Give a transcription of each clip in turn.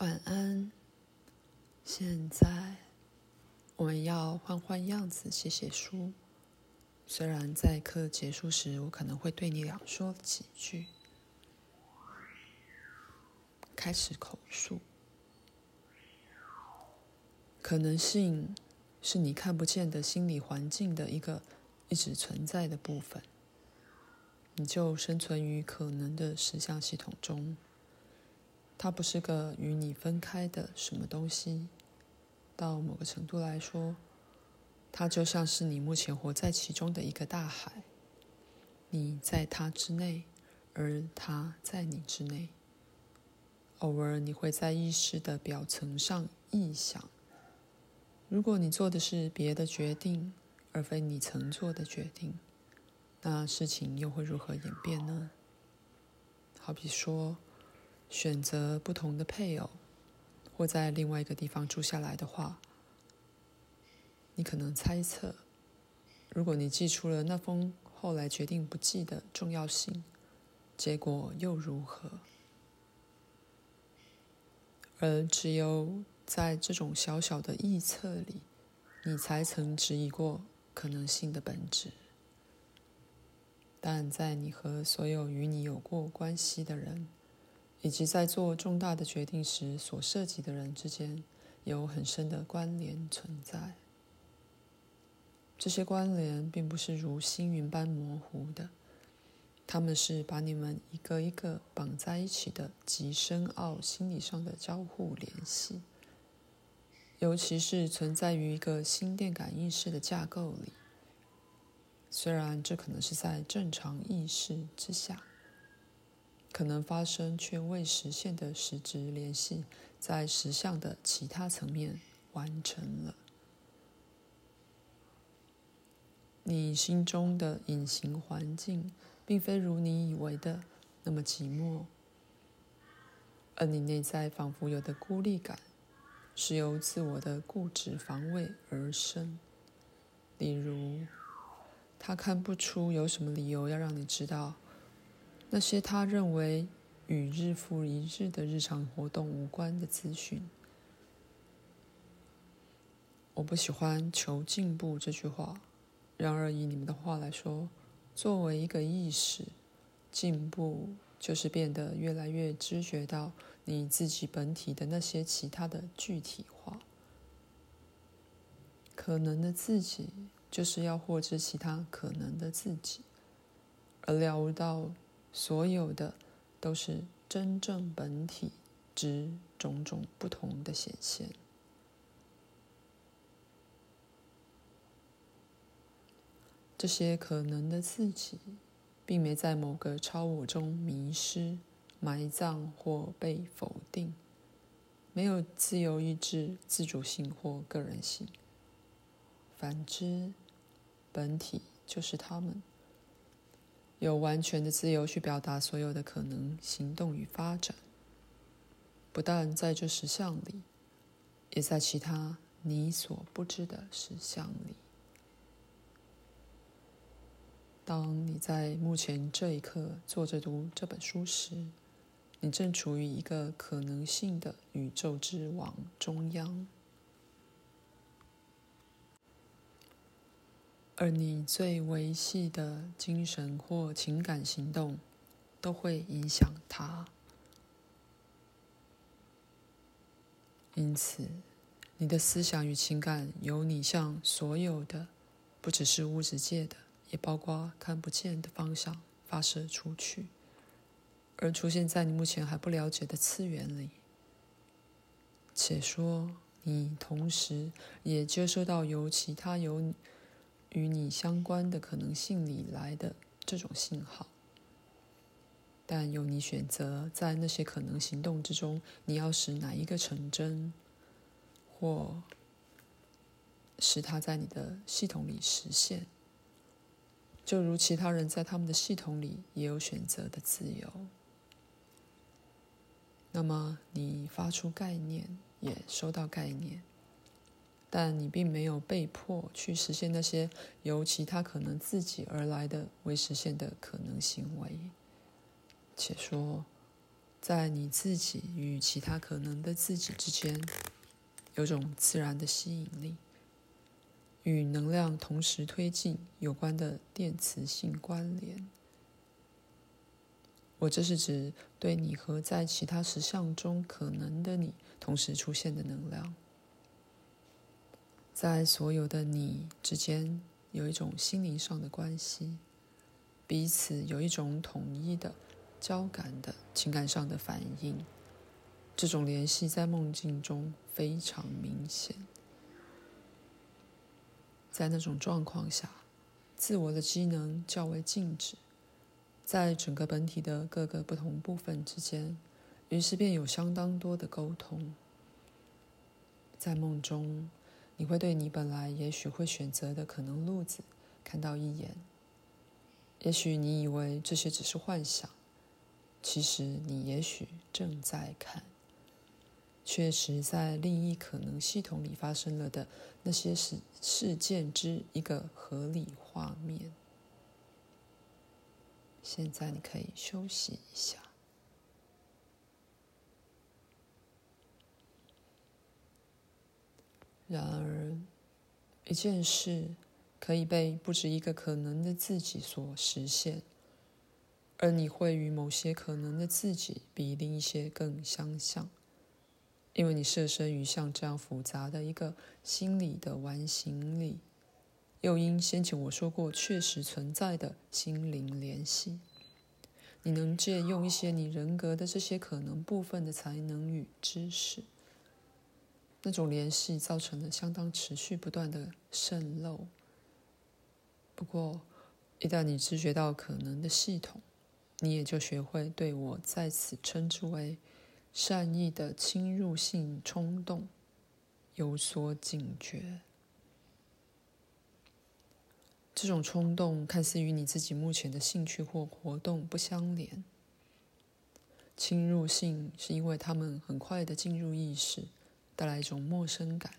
晚安。現在我們要換換樣子寫寫書。雖然在課結束時，我可能會對你倆說幾句。開始口述。可能性是你看不見的心理環境的一個一直存在的部分。你就生存於可能的實相系統中。它不是個與你分開的什麼東西，到某個程度來說，它就像是你目前活在其中的一個大海，你在它之內，而它在你之內。偶爾你會在意識的表層上臆想，如果你做的是別的決定，而非你曾做的決定，那事情又會如何演變呢？好比說，選擇不同的配偶，或在另外一個地方住下來的話，你可能猜測：如果你寄出了那封後來決定不寄的重要信，結果又如何？而只有在這種小小的臆測裡，你才曾質疑過可能性的本質。但在你和所有與你有過關係的人，以及在做重大的決定時所涉及的人之間有很深的關聯存在。這些關聯並不是如星雲般模糊的，他們是把你們一個一個綁在一起的極深奧心理上的交互聯繫，尤其是存在於一個心電感應式的架構裡，雖然這可能是在正常意識之下。可能發生卻未實現的實質聯繫，在實相的其他層面完成了。你心中的隱形環境，並非如你以為的那麼寂寞，而你內在仿佛有的孤立感，是由自我的固執防衛而生。例如，他看不出有什麼理由要讓你知道。那些他認為與日復一日的日常活動無關的資訊，我不喜歡“求進步”這句話。然而，以你們的話來說，作為一個意識，進步就是變得越來越知覺到你自己本體的那些其他的具體化。可能的自己就是要獲知其他可能的自己，而聊到。所有的都是真正本體之種種不同的顯現。這些可能的自己，並沒在某個超我中迷失、埋葬或被否定。沒有自由意志、自主性或個人性。反之，本體就是他們。有完全的自由去表達所有的可能行動與發展，不但在這實相裡，也在其他你所不知的實相裡。當你在目前這一刻坐着讀這本書時，你正處於一個可能性的宇宙之王中央。而你最維繫的精神或情感行動，都會影響它。因此，你的思想與情感由你向所有的，不只是物質界的，也包括看不見的方向發射出去，而出現在你目前還不了解的次元裡。且說，你同時也接收到由其他由與你相關的可能性裡來的這種信號，但由你選擇，在那些可能行動之中，你要使哪一個成真，或使他在你的系統裡實現。就如其他人在他們的系統裡也有選擇的自由，那麼你發出概念，也收到概念。但你並沒有被迫去實現那些由其他可能自己而來的未實現的可能行為。且說，在你自己與其他可能的自己之間，有種自然的吸引力，與能量同時推進有關的電磁性關聯。我這是指對你和在其他實相中可能的你同時出現的能量。在所有的你之間有一種心靈上的關係，彼此有一種統一的、交感的情感上的反應。這種聯繫在夢境中非常明顯。在那種狀況下，自我的機能較為靜止，在整個本體的各個不同部分之間，於是便有相當多的溝通。在夢中。你會對你本來也許會選擇的可能路子看到一眼，也許你以為這些只是幻想，其實你也許正在看，確實在另一可能系統裡發生了的那些事事件之一個合理畫面。現在你可以休息一下。然而，一件事可以被不止一個可能的自己所實現，而你會與某些可能的自己比另一些更相像，因為你設身於像這樣複雜的一個心理的完形裡，又因先前我說過確實存在的心靈聯繫，你能借用一些你人格的這些可能部分的才能與知識。那種聯繫造成了相當持續不斷的滲漏。不過，一旦你知覺到可能的系統，你也就學會對我在此稱之為“善意的侵入性衝動”有所警覺。這種衝動看似與你自己目前的興趣或活動不相連。侵入性是因為他們很快的進入意識。帶來一種陌生感，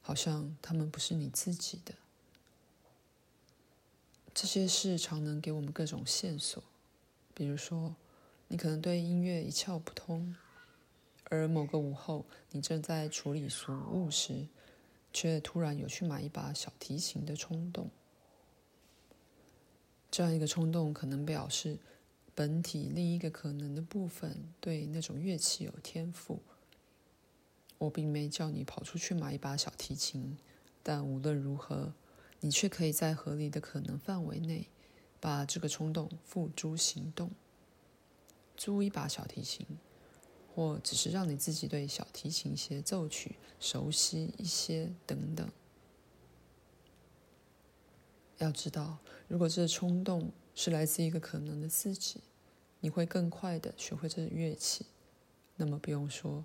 好像他們不是你自己的。這些事常能給我們各種線索，比如說，你可能對音樂一竅不通，而某個午後，你正在處理俗務時，卻突然有去買一把小提琴的衝動。這樣一個衝動可能表示，本體另一個可能的部分對那種樂器有天賦。我並沒叫你跑出去買一把小提琴，但無論如何，你卻可以在合理的可能範圍內，把這個衝動付諸行動：租一把小提琴，或只是讓你自己對小提琴協奏曲熟悉一些等等。要知道，如果這衝動是來自一個可能的自己，你會更快的學會這樂器。那麼不用說。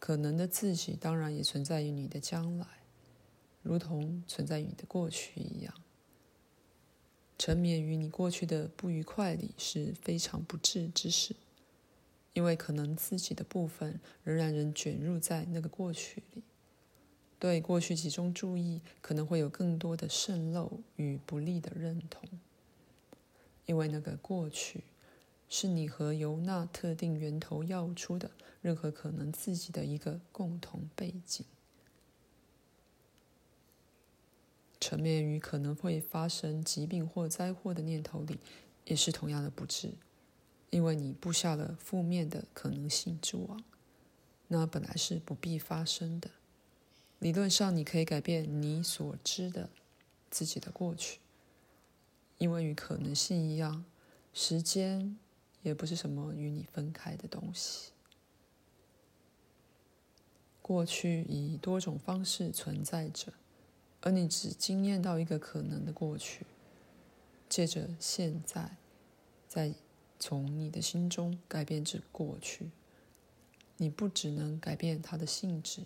可能的自己當然也存在於你的將來，如同存在於你的過去一樣。沉湎於你過去的不愉快裡是非常不智之事，因為可能自己的部分仍然仍捲入在那個過去裡。對過去集中注意，可能會有更多的滲漏與不利的認同，因為那個過去。是你和由那特定源頭要出的任何可能自己的一個共同背景。沉湎於可能會發生疾病或災禍的念頭裡，也是同樣的不智，因為你布下了負面的可能性之網，那本來是不必發生的。理論上，你可以改變你所知的自己的過去，因為與可能性一樣，時間。也不是什麼與你分開的東西。過去以多種方式存在着，而你只經驗到一個可能的過去。借着現在，再從你的心中改變這過去。你不只能改變它的性質，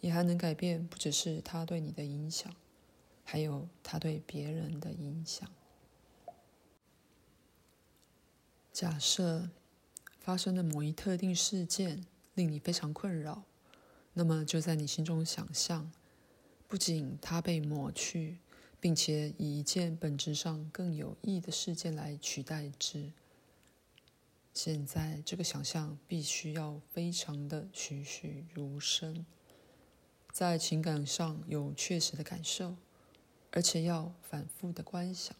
也還能改變不只是它對你的影響，還有它對別人的影響。假設發生的某一特定事件，令你非常困擾，那麼就在你心中想象，不僅它被抹去，並且以一件本質上更有益的事件來取代之。現在這個想象必須要非常的栩栩如生，在情感上有確實的感受，而且要反復的觀想。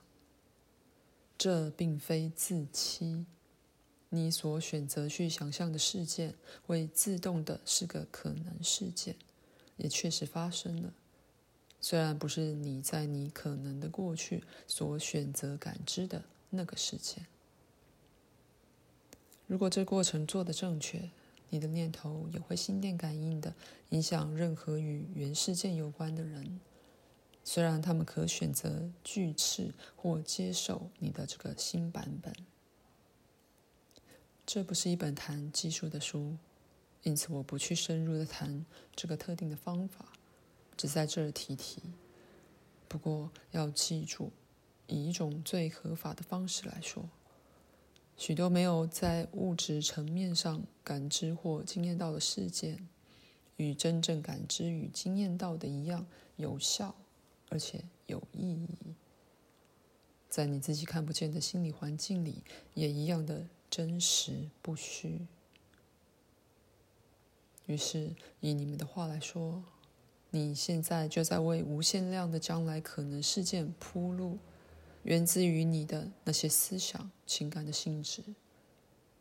這並非自欺，你所選擇去想象的事件，會自動地是個可能事件，也確實發生了。雖然不是你在你可能的過去所選擇感知的那個事件。如果這過程做得正確，你的念頭也會心電感應地影響任何與原事件有關的人。雖然他們可選擇拒斥或接受你的這個新版本，這不是一本談技術的書，因此我不去深入的談這個特定的方法，只在這兒提提。不過要記住，以一種最合法的方式來說，許多沒有在物質層面上感知或經驗到的事件，與真正感知與經驗到的一樣有效。而且有意義，在你自己看不見的心理環境裡，也一樣的真實不虛。於是，以你們的話來說，你現在就在為無限量的將來可能事件鋪路，源自於你的那些思想、情感的性質，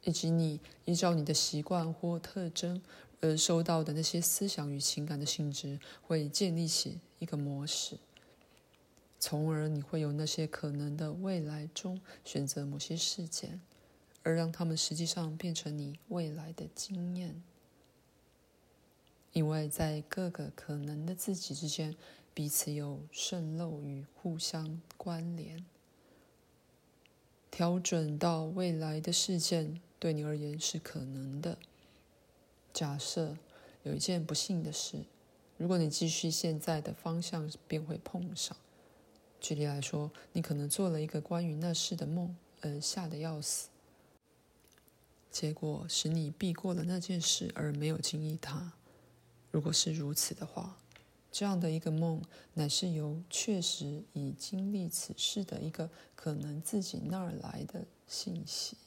以及你依照你的習慣或特徵而收到的那些思想與情感的性質，會建立起一個模式。從而你會有那些可能的未來中選擇某些事件，而讓他們實際上變成你未來的經驗。因為在各個可能的自己之間，彼此有滲漏與互相關聯。調整到未來的事件對你而言是可能的。假設有一件不幸的事，如果你繼續現在的方向，便會碰上。舉例來說，你可能做了一個關於那事的夢，而、呃、嚇得要死。結果使你避過了那件事而沒有經歷它。如果是如此的話，這樣的一個夢乃是由確實已經歷此事的一個可能自己那兒來的信息。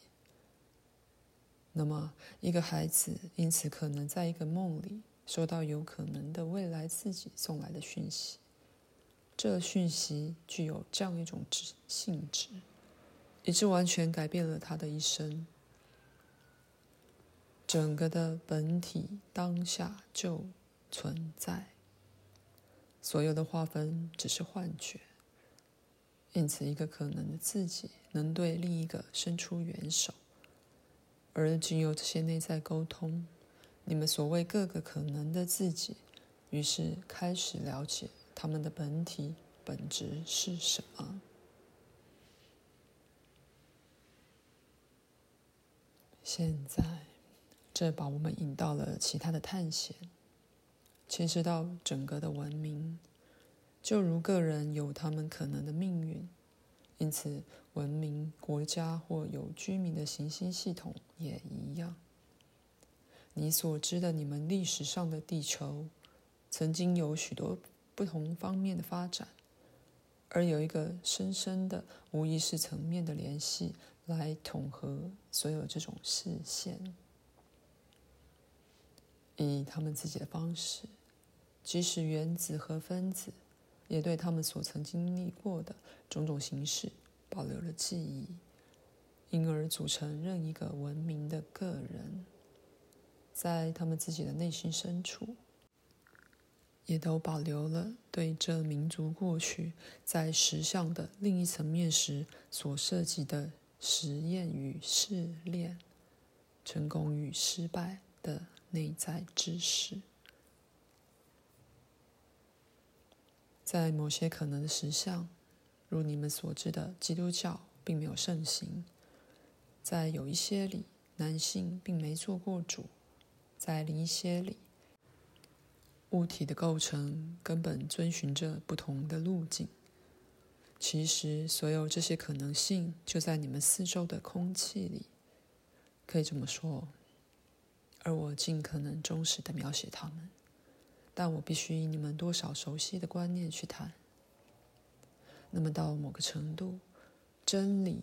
那麼，一個孩子因此可能在一個夢裡收到有可能的未來自己送來的訊息。這訊息具有這樣一種性質，以致完全改變了他的一生。整個的本體當下就存在，所有的劃分只是幻覺。因此，一個可能的自己能對另一個伸出援手，而僅有這些內在溝通，你們所謂各個可能的自己，於是開始了解。他們的本體本質是什麼？現在，這把我們引到了其他的探險，牽涉到整個的文明。就如個人有他們可能的命運，因此，文明、國家或有居民的行星系統也一樣。你所知的，你們歷史上的地球，曾經有許多，不同方面的發展，而有一個深深的、無意識層面的聯繫，來統合所有這種視線。以他們自己的方式，即使原子和分子，也對他們所曾經歷過的種種形式保留了記憶，因而組成任一個文明的個人，在他們自己的內心深處，也都保留了對這民族過去在實相的另一層面時所涉及的實驗與試煉、成功與失敗的內在知識。在某些可能的實相，如你們所知的基督教並沒有盛行；在有一些裡，男性並沒做過主；在另一些裡，物體的構成根本遵循着不同的路徑。其實，所有這些可能性就在你們四周的空氣裡，可以這麼說。而我盡可能忠實地描寫它們，但我必須以你們多少熟悉的觀念去談。那麼，到某個程度，真理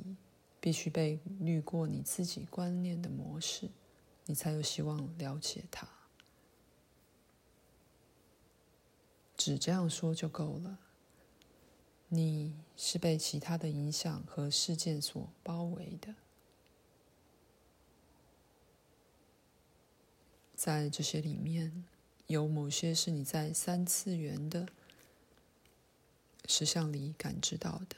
必須被濾過你自己觀念的模式，你才有希望了解它。只這樣說就夠了。你是被其他的影響和事件所包圍的，在這些裡面有某些是你在三次元的實相裡感知到的，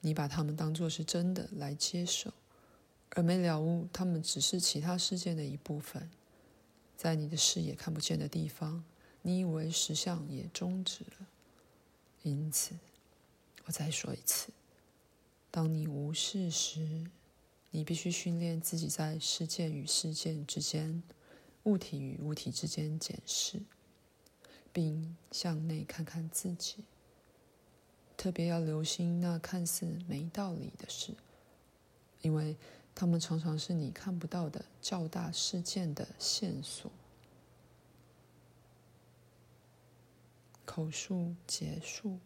你把它們當做是真的來接受，而沒了悟，他們只是其他事件的一部分，在你的視野看不見的地方。你以為實相也終止了，因此，我再說一次：當你無事時，你必須訓練自己在事件與事件之間、物體與物體之間檢視，並向內看看自己。特別要留心那看似沒道理的事，因為它們常常是你看不到的較大事件的線索。口述結束。